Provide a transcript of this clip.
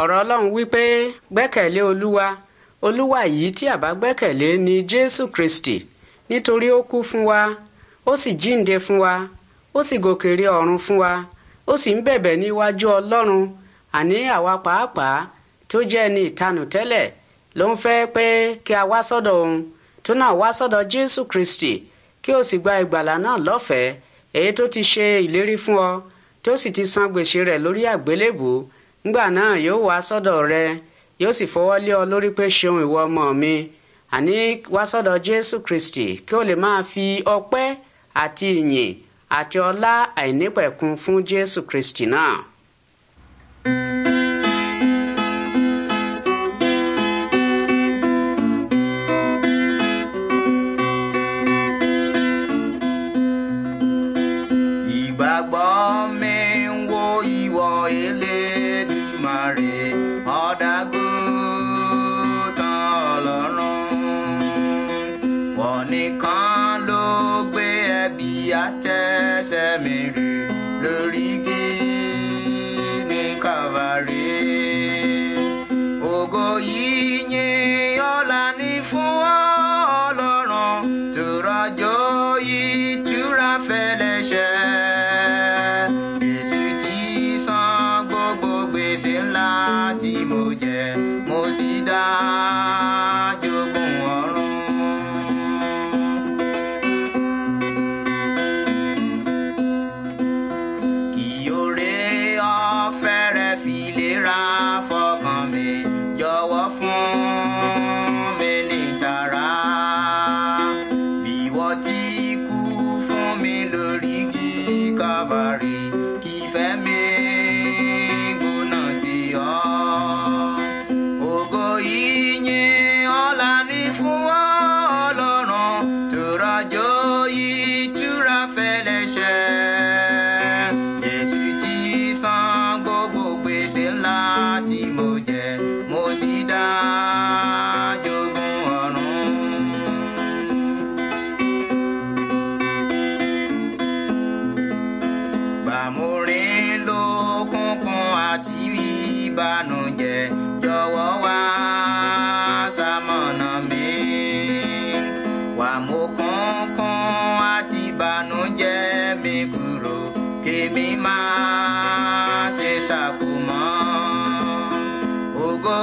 ọ̀rọ̀ ọlọ́run wípé gbẹ́kẹ̀lé olúwa olúwa yìí tí a bá gbẹ́kẹ̀lé ni jésù kristi nítorí ó kú fún wa ó sì jíǹde fún wa ó sì gòkè rí ọ̀run fún wa ó sì ń bẹ̀bẹ̀ níwájú ọlọ́run àní àwa pàápàá tó jẹ́ ẹni ìtanù tẹ́lẹ̀ ló ń fẹ́ pé kí a wá sọ́dọ̀ òun tó náà wá sọ́dọ̀ jésù kristi kí o sì gba ìgbàlà náà lọ́fẹ̀ẹ́ èyí tó ti ṣe ìlérí fún ọ tó sì ti san gbèsè rẹ̀ lórí àgbélébùú ńgbà náà yóò wá sọ́dọ̀ rẹ yóò sì fọwọ́ lé ọ lórí pé ṣeun ìwọ ọmọ mi àní wá sọ́dọ̀ jésù kristi kí o lè máa fi ọpẹ́ àti ìyìn àti ọlá àìnípẹ̀kun fún jésù kristi náà. ìgbàgbọ́ mi. ọ̀dàgbò tọlọ́run wọ́n nìkan ló gbé ẹbí àtẹ́sẹ̀ mi rè mo sì dá jogún ọ̀run. kì òré ọ̀fẹ́ rẹ fi lè ra fọkàn mi jọ̀wọ́ fún mi ní tara bí wọ́n ti kú fún mi lórí igi kábàárì kì í mi. àmúrin lókùnkùn àti ìbànújẹ́ jọ̀wọ́ wá ṣamọ̀nà mi wà mú kùnkùn àti ìbànújẹ́ mi kúrò kémi máa ṣe ṣàkómọ́ ògo